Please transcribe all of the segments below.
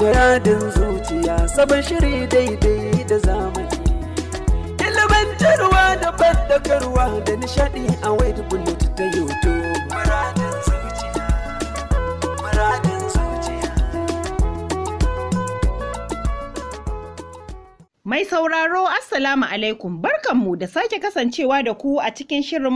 Muradin zuciya sabon shiri daidai da zamani. Ilimantarwa da bandakarwa da nishadi a wade bullet ta YouTube. Muradin zuciya, muradin zuciya. Mai sauraro Assalamu alaikum barkanmu da sake kasancewa da ku a cikin shirin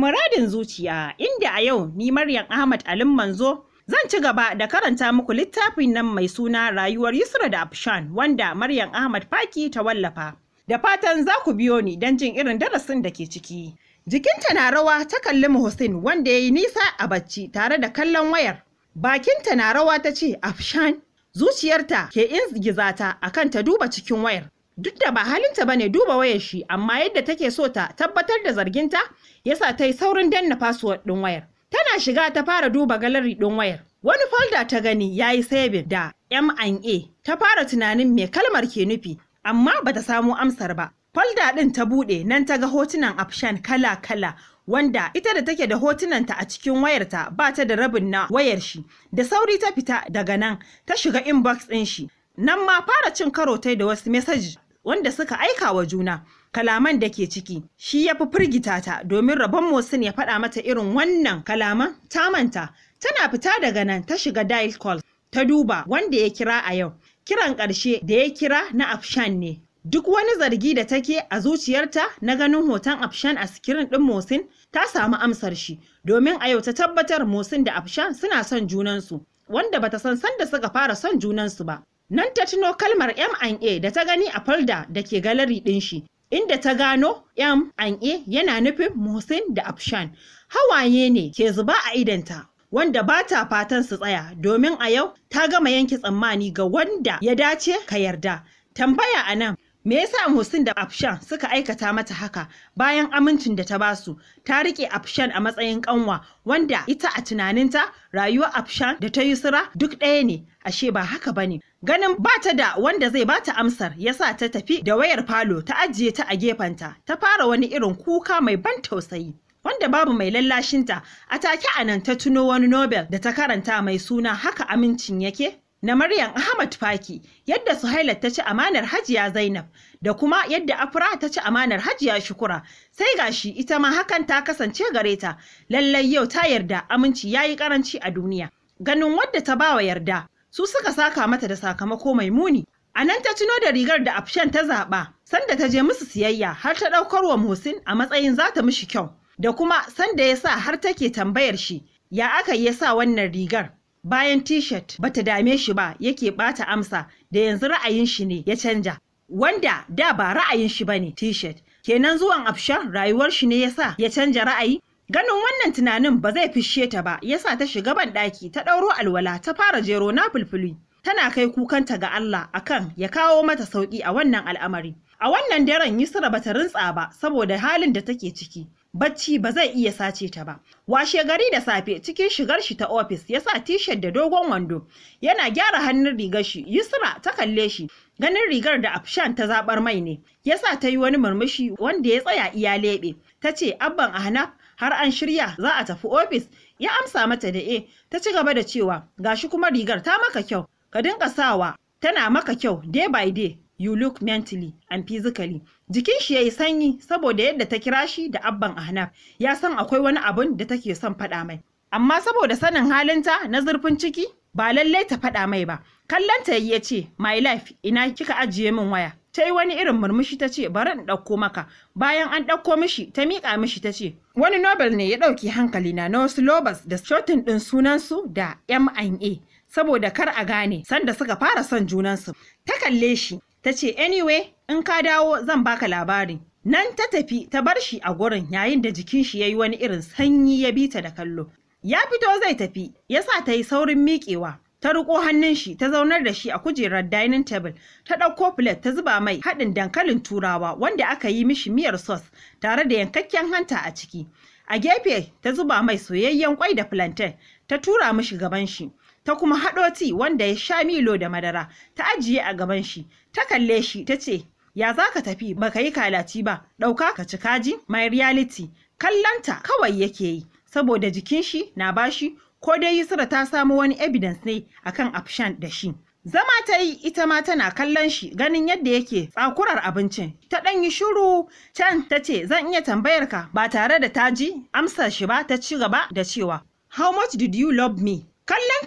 muradin zuciya inda a yau ni Maryam Ahmad Alim Manzo Zan ci gaba da karanta muku littafin nan mai suna Rayuwar Yusra da Afshan wanda Maryam Ahmad Faki ta wallafa. Da fatan za ku biyo ni don jin irin darasin da ke ciki. Jikinta na rawa ta kalli Muhsin wanda ya yi nisa a bacci tare da kallon wayar. Bakinta na rawa ta ce Afshan zuciyarta ke in gizata akan ta duba cikin wayar. Duk da ba halinta ba ne duba wayar shi amma yadda take so ta tabbatar da zarginta yasa ta yi saurin danna fasuwar ɗin wayar. Tana shiga ta fara duba galari ɗin wayar. Wani folda ta gani ya yi sabin da M&A. Ta fara tunanin mai kalmar ke nufi, amma bata samu amsar ba. Folda ɗin ta buɗe nan ta ga hotunan afshan kala-kala wanda ita da take da hotunanta a cikin wayarta ba ta da rabin na wayar shi. Da sauri ta fita daga nan ta shiga inbox ɗin shi. Nan ma fara cin karo tai da wasu mesaji wanda suka aika wa juna kalaman da ke ciki shi ya fi firgita ta domin rabon Mosin ya faɗa mata irin wannan kalaman ta manta tana fita daga nan ta shiga dial call ta duba wanda ya kira a yau kiran ƙarshe da ya kira na Afshan ne duk wani zargi da take a zuciyarta na ganin hoton Afshan a sikirin ɗin Mosin ta samu amsar shi domin a yau ta tabbatar Mosin da Afshan suna son junansu wanda bata san sanda suka fara son junansu ba Nan ta tuno kalmar M&A da ta gani a folda da ke galeri ɗin shi, inda ta gano M&A yana nufin Muhsin da Afshan. Hawaye ne ke zuba a idanta, wanda ba ta fatan su tsaya domin a yau ta gama yanke tsammani ga wanda ya dace ka yarda. Tambaya a nan, Me yasa Muhsin da Afshan suka aikata mata haka bayan amincin da ta basu? Ta riƙe Afshan a matsayin ƙanwa, wanda ita a tunaninta rayuwa Afshan da ta Yusra duk ɗaya ne, ashe ba haka bane. Ganin ba ta da wanda zai ba ta amsar ya sa ta tafi da wayar falo ta ajiye ta a gefenta. Ta fara wani irin kuka mai ban tausayi. wanda babu mai lallashinta a take a nan ta tuno wani Nobel da ta karanta mai suna haka amincin yake na Maryam Ahmad Faki yadda Suhaila ta ci amanar Hajiya Zainab da kuma yadda Afra ta ci amanar Hajiya Shukura sai gashi ita ma hakan ta kasance gare ta lallai yau ta yarda aminci yayi karanci a duniya ganin wadda ta bawa yarda su suka saka mata da sakamako mai muni a nan ta tuno da rigar da Afshan ta zaba sanda ta je musu siyayya har ta daukar wa Musin a matsayin za ta mishi kyau da kuma sanda ya sa har take tambayar shi ya aka yi sa wannan rigar bayan t-shirt bata dame shi ba yake bata amsa da yanzu ra'ayin shi ne ya canja wanda da ba ra'ayin shi ba ne. shirt kenan zuwan afshan rayuwar shi ne yasa ya canja ra'ayi ganin wannan tunanin ba zai fishe ta ba yasa ta shiga ban ɗaki ta ɗauro alwala ta fara jero na fulfuli tana kai kukanta ga Allah akan ya kawo mata sauki a wannan al'amari a wannan daren Yusra bata rintsa ba saboda halin da take ciki bacci ba zai iya sace ta ba washe gari da safe cikin shigar shi ta ofis ya sa Tishet da dogon wando yana gyara hannun rigar shi yusra ta kalle shi ganin rigar da afshan ta zabar mai ne ya sa ta yi wani murmushi wanda ya tsaya iya leɓe ta ce abban hana har an shirya za a tafi ofis ya amsa mata da e ta ci gaba da cewa gashi kuma rigar ta maka kyau ka dinka sawa tana maka kyau day by day you look mentally and physically Jikin shi ya yi sanyi saboda yadda ta kira shi da abban Ahnaf, ya san akwai wani abun da take son faɗa mai. Amma saboda sanin halinta na zurfin ciki, ba lallai ta faɗa mai ba. Kallanta ya ce, My life, ina kika ajiye min waya. Ta yi wani irin murmushi ta ce, Bari in ɗauko maka. Bayan an ɗauko mishi, ta miƙa mishi ta ce, Wani Nobel ne ya ɗauki hankali na wasu Lobas da shotin ɗin sunansu da M&A. Saboda kar a gane, sanda suka fara son junansu. Ta kalle shi, ta ce, Anyway, in ka dawo zan baka labari nan ta tafi ta bar shi a gurin yayin da jikin shi ya yi wani irin sanyi ya bi ta da kallo ya fito zai tafi ya sa ta yi saurin miƙewa ta riƙo hannun shi ta zaunar da shi a kujerar dining table ta ɗauko plate ta zuba mai haɗin dankalin turawa wanda aka yi mishi miyar sos tare da yankakken hanta a ciki a gefe ta zuba mai soyayyen kwai da plantain ta tura mishi gaban shi ta kuma haɗo ti wanda ya sha milo da madara ta ajiye a gaban shi ta kalle shi ta ce ya za ka tafi ba ka yi kalaci ba ɗauka ka ci kaji my reality kallanta kawai yake yi saboda jikin shi na bashi ko dai Yusra ta samu wani evidence ne akan Afshan da shi zama ta yi ita ma tana kallon shi ganin yadda yake tsakurar abincin ta ɗan yi shiru can ta ce zan iya tambayar ka ba tare da ta ji amsar shi ba ta ci gaba da cewa how much did you love me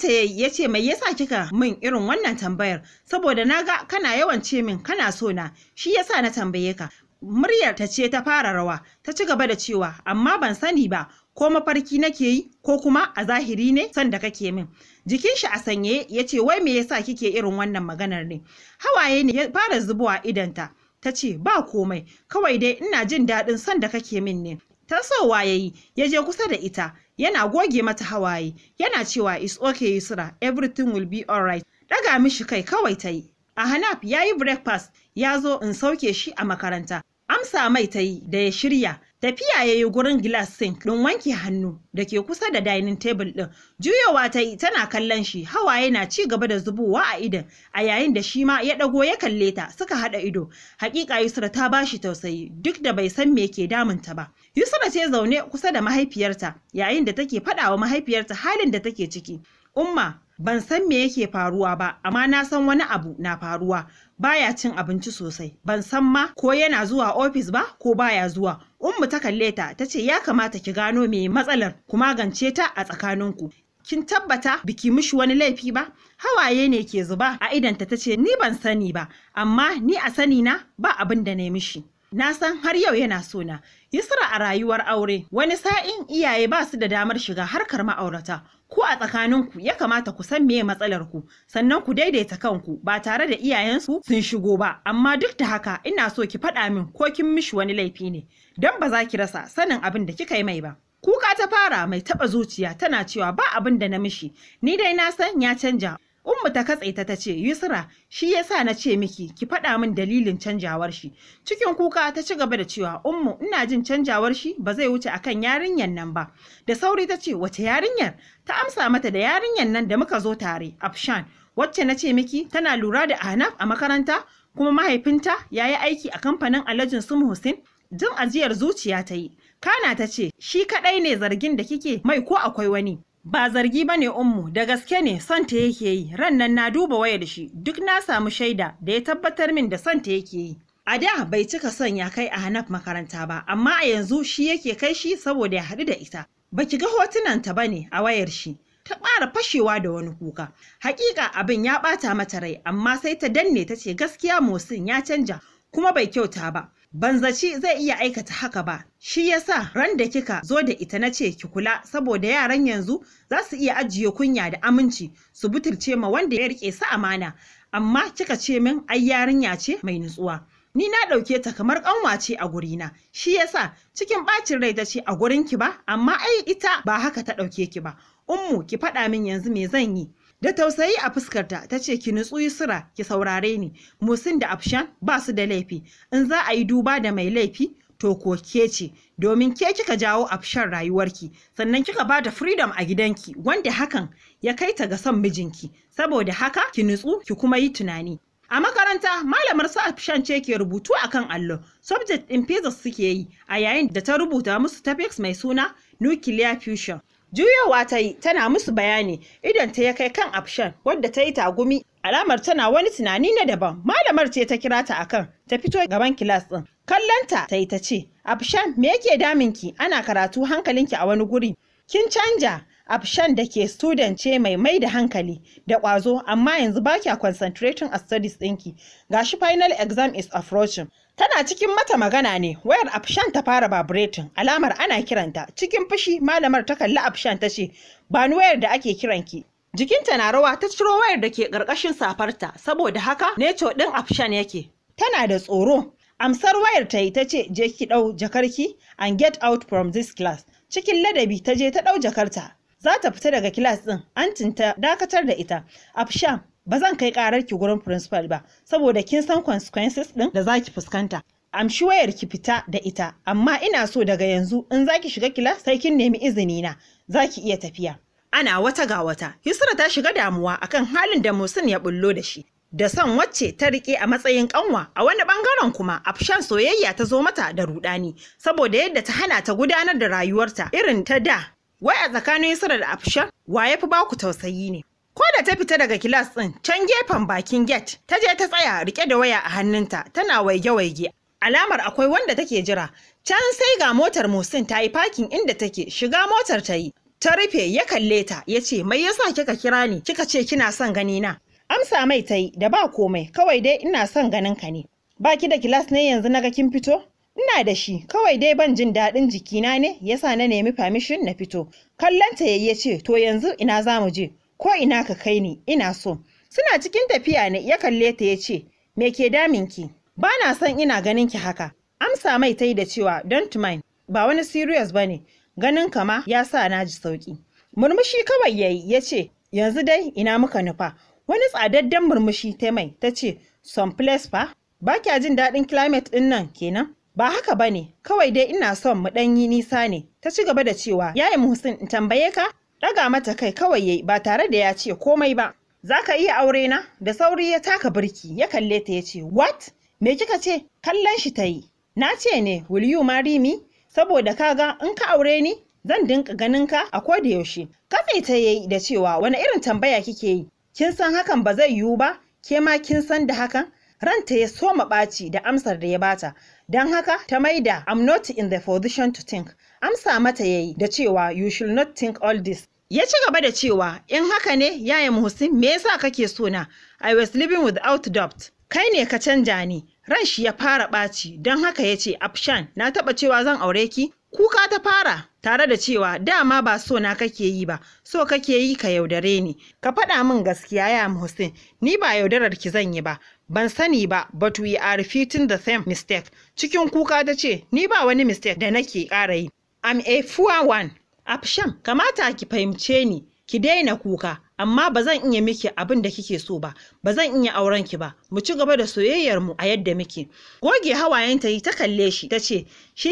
ta yi ya ce mai yasa kika min irin wannan tambayar saboda na ga kana yawan ce min kana so na shi yasa na tambaye ka muryar ta ce ta fara rawa ta ci gaba da cewa amma ban sani ba ko mafarki nake yi ko kuma a zahiri ne son da kake min jikin shi a sanye ya ce wai me yasa kike irin wannan maganar ne hawaye ne ya fara zubowa idanta ta ce ba komai kawai dai ina jin daɗin son da kake min ne tasowa ya yi ya je kusa da ita yana goge mata hawaye yana cewa it's okay yusra everything will be alright daga mishi kai kawai ta yi a hanaf ya yi breakfast ya zo in sauke shi a makaranta amsa mai ta yi da ya shirya Tafiya ya yi gurin glass sink ɗin wanke hannu da ke kusa da dining table ɗin. Juyowa ta yi tana kallon shi, hawaye na ci gaba da zubowa a idon, a yayin da shi ma ya ɗago ya kalle ta suka haɗa ido. Hakika Yusra ta bashi tausayi duk da bai san me ke damun ta ba. Yusra ce zaune kusa da mahaifiyarta yayin da take faɗawa mahaifiyarta halin da take ciki. Umma, Ban san me yake faruwa ba, amma na san wani abu na faruwa. Baya cin abinci sosai. Ban san ma ko yana zuwa ofis ba ko baya zuwa. Ummu ta kalle ta ta ce ya kamata ki gano me matsalar ku magance ta a tsakaninku. Kin tabbata biki mishi wani laifi ba? Hawaye ne ke zuba a idanta ta ce ni ban sani ba, amma ni a sani na ba abin da na mishi. na san har yau yana sona yisra a rayuwar aure wani sa'in iyaye ba su da damar shiga harkar ma'aurata ku a tsakaninku ya kamata ku san meye matsalar ku sannan ku daidaita kanku ba tare da iyayensu sun shigo ba amma duk da haka ina so ki faɗa min ko kin mishi wani laifi ne don ba za ki rasa sanin abin da kika yi mai ba kuka ta fara mai taɓa zuciya tana cewa ba abin da na mishi ni dai na san ya canja Ummu ta katse ta ce, Yusra shi ya sa na ce miki ki faɗa min dalilin canjawar shi. Cikin kuka ta ci gaba da cewa Ummu ina jin canjawar shi ba zai wuce akan yarinyar nan ba. Da sauri ta ce wace yarinyar? Ta amsa mata da yarinyar nan da muka zo tare Afshan wacce na ce miki tana lura da Anaf a makaranta kuma mahaifinta ya yi aiki a kamfanin Alhajin Sum Hussein. Jin ajiyar zuciya ta yi. Kana ta ce shi kaɗai ne zargin da kike mai ko akwai wani. Ba zargi ba ne ummu da gaske ne santa yake yi ran nan na duba wayar shi duk na samu shaida da ya tabbatar min da santa yake yi. A da bai cika son ya kai a Hanaf makaranta ba amma a yanzu shi yake kai shi saboda ya haɗu da ita. Ba ki ga hotunanta ba ne a wayar shi. Ta ƙara fashewa da wani kuka. Hakika abin ya ɓata mata rai amma sai ta danne ta ce gaskiya Mosin ya canja kuma bai kyauta ba. ban zaci zai iya aikata haka ba shi yasa ran da kika zo da ita na ce ki kula saboda yaran yanzu za su iya ajiye kunya da aminci su buturce ma wanda ya rike su amana amma kika ce min ai yarinya ce mai nutsuwa ni na ɗauke ta kamar ƙanwace a gurina shi yasa cikin ɓacin rai ta ce a ki ba amma ai ita ba haka ta ɗauke ki ba ummu ki faɗa min yanzu me zan yi da tausayi a fuskarta ta ce ki nutsu sura ki saurare ni musin da afshan ba su da laifi in za a yi duba da mai laifi to ko ke ce domin ke kika jawo afshan rayuwarki sannan kika ba da freedom a gidanki wanda hakan ya kai ta ga son mijinki saboda haka ki nutsu ki kuma yi tunani a makaranta malamar su afshan ce ke rubutu akan allo subject in physics suke yi a yayin da ta rubuta musu topics mai suna nuclear fusion Juyowa ta yi tana musu bayani idan ta ya kai kan afshan wadda ta yi tagumi alamar tana wani tunani na daban malamar ce ta kira ta akan ta fito gaban kilas din kallanta ta yi ta ce afshan me yake ki? ana karatu hankalinki a wani guri kin canja afshan da ke student ce mai mai da hankali da ƙwazo amma yanzu ba kya concentrating a studies ɗinki gashi final exam is approaching Tana cikin mata magana ne, wayar Afshan ta fara baburetin, alamar ana kiranta. Cikin fushi malamar ta kalli Afshan ta ce, "Ba ni wayar da ake kiran ki!" Jikinta na rawa ta ciro wayar da ke ƙarƙashin safarta, saboda haka to ɗin Afshan yake. Tana da tsoro. Amsar wayar ta yi ta ce, "Je ki ɗau jakarki and get out from this class." Cikin ladabi ta je ta ɗau jakarta. Za ta fita daga kilas ɗin, antin ta dakatar da ita. Afshan, ba zan kai karar ki gurin principal ba saboda kin san consequences din da zaki fuskanta amshi wayar ki fita da ita amma ina so daga yanzu in zaki shiga kila sai kin nemi izini na zaki iya tafiya ana wata ga wata Yusra ta shiga damuwa akan halin da Musin ya bullo da shi da son wacce ta rike a matsayin kanwa a wani bangaren kuma afshan soyayya ta zo mata da rudani saboda yadda ta hana ta gudanar da rayuwarta irin ta da wai a tsakanin Yusra da afshan wa ya fi ku tausayi ne Ko da ta fita daga kilas ɗin can gefen bakin get ta je ta tsaya rike da waya a hannunta tana waige-waige alamar akwai wanda take jira can sai ga motar Musin ta yi parking inda take shiga motar ta yi ta rufe ya kalle ta ya ce mai yasa kika kira ni kika ce kina son gani na amsa mai ta yi da ba komai kawai dai ina son ganin ka ne baki da kilas ne yanzu na ga kin fito ina da shi kawai dai ban jin daɗin jikina ne yasa na nemi permission na fito Kallonta ta yayi ce to yanzu ina za mu je ko ina ka kai ni ina so suna cikin tafiya ne ya kalle ta ya ce me ke damin ki ba na son ina ganin ki haka amsa mai ta yi da cewa don mind ba wani serious ba ne ganin kama ya sa na ji sauki murmushi kawai yayi ya ce yanzu dai ina muka nufa wani tsadadden murmushi ta mai ta ce some place fa ba kya jin daɗin climate ɗin nan kenan ba haka ba ne kawai dai ina son mu ɗan yi nisa ne ta ci gaba da cewa yayi muhsin in tambaye ka Ɗaga mata kai kawai yayi ba tare da ya ce komai ba. Za ka iya aure na? Da sauri ya taka birki ya kalle ta ya ce, What? Me kika ce? Kallon shi ta yi. Na ce ne, will you marry me? Saboda kaga in ka aure ni, zan dinka ganin ka a koda yaushe. Kafe ta yayi da cewa wani irin tambaya kike yi? Kin san hakan ba zai yiwu ba? Ke ma kin san da hakan? Ranta ya soma ɓaci da amsar da ya bata. Don haka ta maida I'm not in the position to think. Amsa mata yayi da cewa you should not think all this. Ya ci gaba da cewa, "In haka ne, yaya Muhsin, me yasa kake so na? I was living without doubt. Kai ne ka canja ni." Ran shi ya fara ɓaci, don haka ya ce, "Afshan, na taɓa cewa zan aure ki?" Kuka ta fara, tare da cewa dama ba so na kake yi ba, so kake yi ka yaudare ni. Ka faɗa min gaskiya ya Muhsin, ni ba yaudarar ki zan yi ba, ban sani ba but we are repeating the same mistake cikin kuka ta ce ni ba wani mistake da nake ƙara yi I'm a one Afshan kamata ki fahimce ni ki daina kuka amma ba zan iya miki abin da kike so ba ba zan iya auren ki ba mu ci gaba da soyayyar mu a yadda muke goge hawayenta yi ta kalle shi ta ce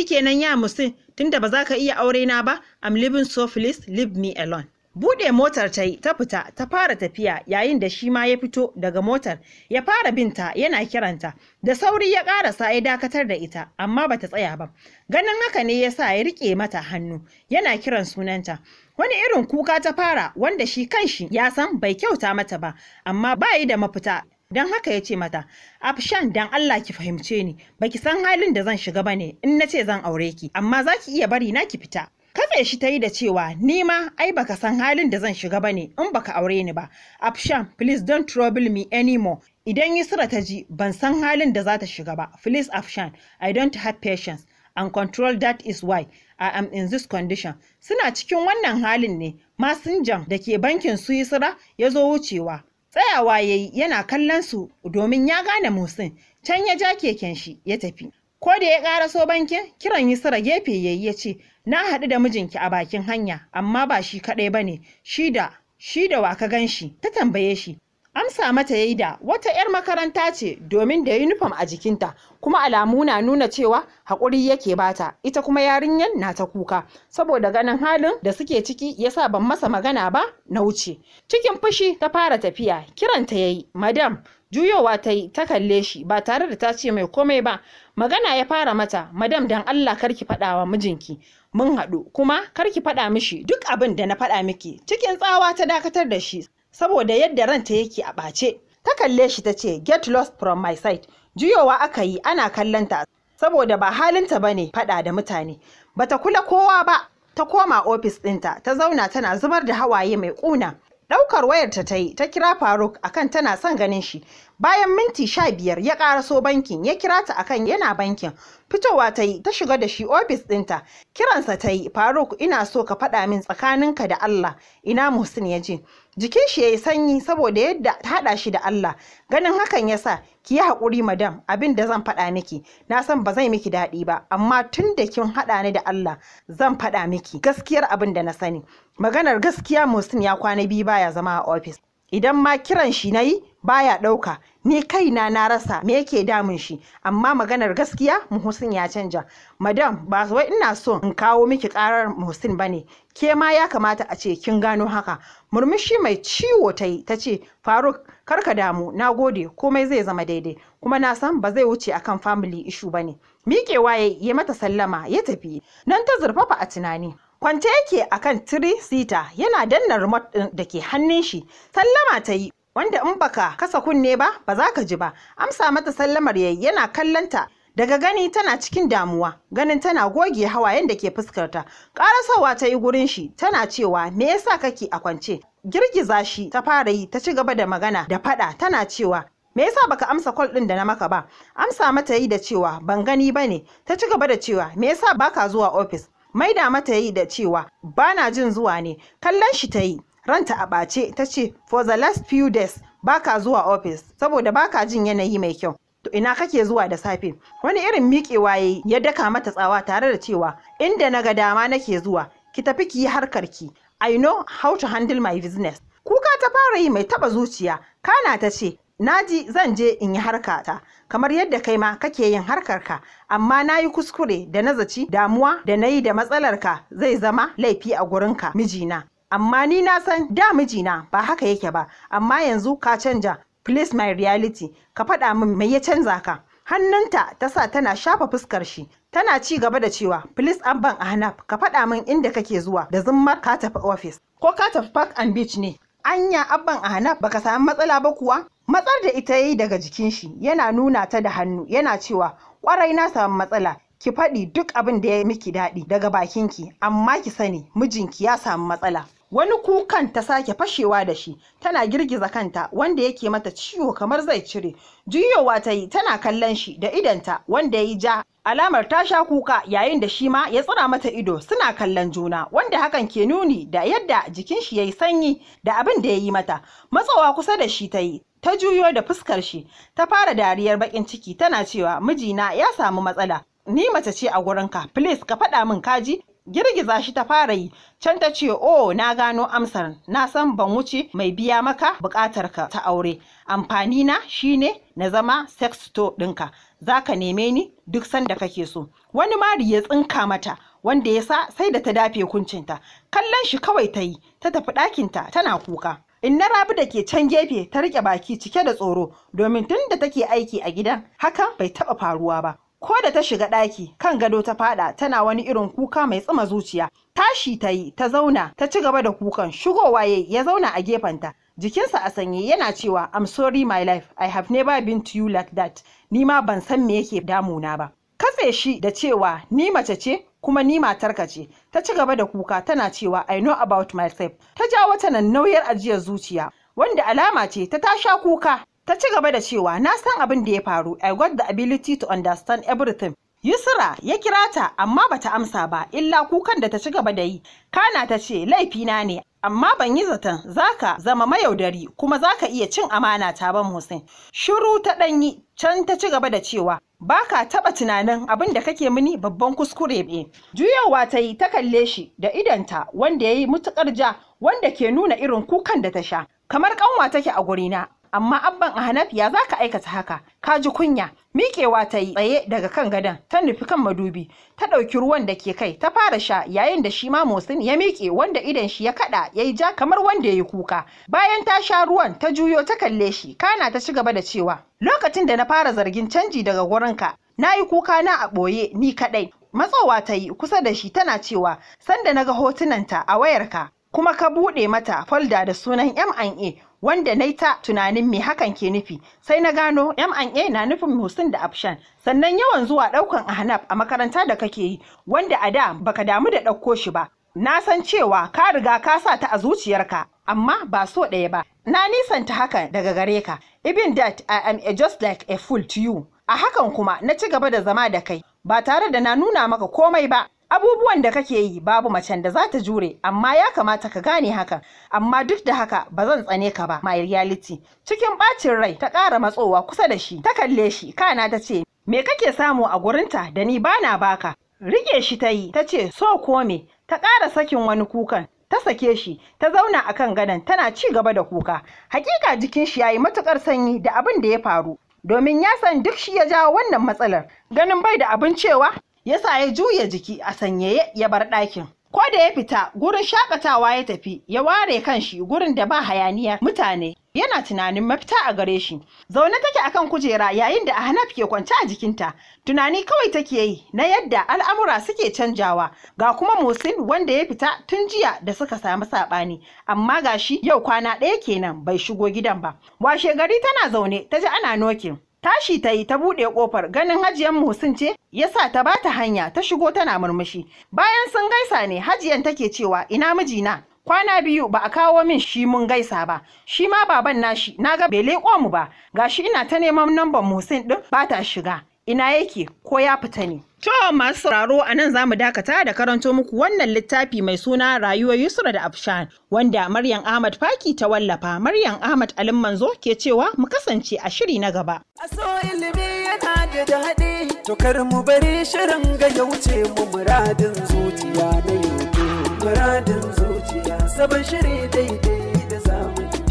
kenan ya musin tunda ba za ka iya aure na ba i'm living so please leave me alone Buɗe motar ta yi ta fita ta fara tafiya yayin da shi ma ya fito daga motar ya fara binta yana kiranta da sauri ya ƙarasa ya dakatar da ita amma bata tsaya ba ganin haka ne ya sa ya rike mata hannu yana kiran sunanta wani irin kuka ta fara wanda shi kanshi ya san bai kyauta mata ba amma ba yi da mafita don haka ya ce mata afshan dan Allah ki fahimce ni baki san halin da zan shiga ba ne, in na ce zan aure ki amma za ki iya bari na ki fita Katse shi ta yi da cewa ni ma ai baka san halin da zan shiga bane in baka aure ni ba. Afshan please don't trouble me anymore. Idan Yusra ta ji ban san halin da za ta shiga ba. Please Afshan I don't have patience and control that is why I am in this condition. Suna cikin wannan halin ne masinjan da ke bankin su Yusra ya zo wucewa. Tsayawa ya yi yana kallon su domin ya gane Musin can ya ja keken shi ya tafi. Ko da ya ƙaraso bankin kiran Yusra gefe ya yi ya ce na haɗu da mijinki a bakin hanya amma ba shi kaɗai ba ne shi da wa ka gan shi ta tambaye shi amsa mata yayi da wata 'yar makaranta ce domin da nufam a jikinta kuma alamu na nuna cewa haƙuri yake bata ita kuma yarinyar na ta kuka saboda ganin halin da suke ciki ya sa ban masa magana ba na wuce cikin fushi ta fara tafiya kiranta yayi madam juyowa ta yi ta kalle shi ba tare da ta ce mai komai ba magana ya fara mata madam dan Allah karki faɗa wa mijinki mun haɗu kuma karki faɗa mishi duk abin da na faɗa miki cikin tsawa ta dakatar da shi saboda yadda ranta yake a ɓace ta kalle shi ta ce get lost from my sight juyowa aka yi ana kallonta saboda ba halinta ba ne faɗa da mutane bata kula kowa ba ta koma ofis ɗinta ta zauna tana zubar da hawaye mai ƙuna ɗaukar wayarta ta yi ta kira faruk akan tana son ganin shi bayan minti sha biyar ya ƙaraso bankin ya kira ta akan yana bankin fitowa ta yi ta shiga da shi ofis ɗinta kiransa ta yi faruk ina so ka faɗa min tsakaninka da allah ina muhsin ya je jikin shi yayi sanyi saboda yadda ta hada shi da Allah ganin hakan ya sa ki yi hakuri madam abin da zan faɗa miki na san ba zai miki daɗi ba amma tun da kin haɗa ni da Allah zan faɗa miki gaskiyar abin da na sani maganar gaskiya Musin ya kwana biyu baya zama a ofis. idan ma kiran shi na yi. baya ɗauka ni kaina na rasa me yake damun shi amma maganar gaskiya muhsin ya canja madam ba wai ina so in kawo miki karar muhsin bane ke ma ya kamata a ce kin gano haka murmushi mai ciwo ta yi ta ce faruk karka damu na gode komai zai zama daidai kuma na san ba zai wuce akan family issue bane miƙewa ya yi mata sallama ya tafi nan ta zurfafa a tunani Kwanta yake akan tiri sita yana danna remote da ke hannun shi sallama ta yi wanda in baka kasa kunne ba ba za ka ji ba amsa mata sallamar yayi yana kallanta daga gani tana cikin damuwa ganin tana goge hawa da ke fuskarta karasawa ta yi gurin shi tana cewa me yasa kake a kwance girgiza shi ta fara yi ta ci gaba da magana da fada tana cewa me yasa baka amsa kwal din da na maka ba amsa mata yi da cewa ban gani ba ne." ta ci gaba da cewa me yasa baka zuwa ofis da mata yi da cewa bana jin zuwa ne kallon shi ta yi ranta a ɓace ta ce for the last few days baka zuwa office saboda baka jin yanayi mai kyau to ina kake zuwa da safe wani irin miƙewa yayi ya daka mata tsawa tare da cewa inda na ga dama nake zuwa ki tafi ki yi harkar ki i know how to handle my business kuka ta fara yi mai taba zuciya kana ta ce naji zan je in yi harkata kamar yadda kai ma kake yin harkarka amma na yi kuskure da na zaci damuwa da na yi da matsalarka zai zama laifi a gurinka mijina amma ni na san da mijina ba haka yake ba amma yanzu ka canja please my reality ka faɗa min mai ya canza ka hannunta ta sa tana shafa fuskar shi tana ci gaba da cewa please an ban ahnaf ka faɗa min inda kake zuwa da zummar ka tafi ofis? ko ka tafi park and beach ne anya abban ahnaf baka samu matsala ba kuwa matsar da ita yayi daga jikin shi yana nuna ta da hannu yana cewa kwarai na samu matsala ki faɗi duk abin da ya miki daɗi daga bakinki amma ki sani mijinki ya samu matsala wani kukan ta sake fashewa da shi tana girgiza kanta wanda yake mata ciwo kamar zai cire juyowa ta yi tana kallon shi da idanta wanda ya yi ja alamar ta sha kuka yayin da shi ma ya tsira mata ido suna kallon juna wanda hakan ke nuni da yadda jikin shi ya yi sanyi da abin da ya yi mata matsawa kusa da shi ta yi ta juyo da fuskar shi ta fara dariyar bakin ciki tana cewa mijina ya samu matsala ni mace ce a gurinka please ka faɗa min kaji girgiza shi ta fara yi can ta ce oh na gano amsar na san ban wuce mai biya maka buƙatar ka ta aure amfani na ne na zama sex to ɗinka za ka neme ni duk sanda kake so wani mari ya tsinka mata wanda ya sa sai da ta dafe kuncinta kallon shi kawai ta yi ta tafi ɗakinta tana kuka in na rabu da ke can gefe ta rike baki cike da tsoro domin tun da take aiki a gidan hakan bai taɓa faruwa ba ko da ta shiga ɗaki kan gado ta faɗa tana wani irin kuka mai tsuma zuciya tashi ta yi ta zauna ta ci gaba da kukan shigowa yayi ya zauna a gefenta jikinsa a sanye yana cewa I'm sorry my life I have never been to you like that ni ma ban san me yake damuna ba katse shi da cewa ni mace ce kuma ni matarka ce ta ci gaba da kuka tana cewa I know about myself ta ja wata nan nauyar ajiyar zuciya wanda alama ce ta tasha kuka Ta ci gaba da cewa na san abin da ya faru, I got the ability to understand everything. Yusra ya kira ta amma bata amsa ba illa kukan da ta ci gaba da yi. Kana ta ce laifina ne amma ban yi zaton zaka zama mayaudari kuma zaka iya cin amana ta ban Hussein. Shiru ta ɗanyi can ta ci gaba da cewa baka taɓa tunanin abin da kake mini babban kuskure ne. Juyawa ta yi ta kalle shi da idanta wanda ya yi ja wanda ke nuna irin kukan da ta sha. Kamar ƙanwa take a gurina amma abban a ya za ka aikata haka ka ji kunya miƙewa ta yi tsaye daga kan gadon ta nufi kan madubi ta ɗauki ruwan da ke kai ta fara sha yayin da shi ma motsin ya miƙe wanda idon shi ya kaɗa ya yi ja kamar wanda ya yi kuka bayan ta sha ruwan ta juyo ta kalle shi kana ta ci gaba da cewa lokacin da na fara zargin canji daga gurinka na yi kuka na a ɓoye ni kaɗai matsowa ta yi kusa da shi tana cewa sanda na ga hotunanta a wayarka kuma ka buɗe mata folda da sunan M&A wanda na ta tunanin me hakan ke nufi sai na gano M&A na nufin Musin da Afshan sannan yawan zuwa daukan Ahnaf a makaranta da kake yi wanda a da baka damu da ɗauko shi ba na san cewa ka riga ka sa ta a zuciyarka amma ba so ɗaya ba na nisanta haka daga gare ka even that I am a just like a fool to you a hakan kuma na ci gaba da zama da kai ba tare da na nuna maka komai ba abubuwan da kake yi babu macen da za ta jure amma ya kamata ka gane hakan amma duk da haka ba zan tsane ka ba my reality cikin bacin rai ta ƙara matsowa kusa da shi ta kalle shi kana ta ce me kake samu a gurinta da ni bana baka rike shi ta yi ta ce so ko me ta ƙara sakin wani kukan ta sake shi ta zauna a kan gadon tana ci gaba da kuka hakika jikin shi yayi matukar sanyi da abin da ya faru domin ya san duk shi ya jawo wannan matsalar ganin bai da abin cewa yasa ya juya jiki a sanyaye ya bar ɗakin ko da ya fita gurin shakatawa ya tafi ya ware kan shi gurin da ba hayaniya mutane yana tunanin mafita a gare shi zaune take akan kujera yayin da ahnaf ke kwance a jikinta tunani kawai take yi na yadda al'amura suke canjawa ga kuma musin wanda ya fita tun jiya da suka samu saɓani, amma gashi yau kwana ɗaya kenan bai shigo gidan ba washe gari tana zaune ta ji ana nokin Tashi ta yi ta buɗe ƙofar ganin hajiyan Muhsin ce ya sa ta ba ta hanya ta shigo tana murmushi. Bayan sun gaisa ne hajiyan take cewa ina mijina kwana biyu ba a kawo min shi mun gaisa ba shi ma baban nashi na ga bai leƙo mu ba gashi ina ta neman namban Muhsin ɗin ba ta shiga. ina yake ko ya fita ne. To masu sauraro a nan za mu dakata da karanto muku wannan littafi mai suna rayuwar Yusra da Afshan wanda Maryam Ahmad Faki ta wallafa Maryam Ahmad Alim Manzo ke cewa mu kasance a shiri na gaba. A so ilimi yana da daɗi to kar mu bari shirin ga ya wuce mu muradin zuciya na yau muradin zuciya sabon shiri daidai da zamani.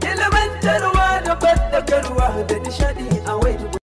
Ilimantarwa da fadakarwa da nishaɗi a wai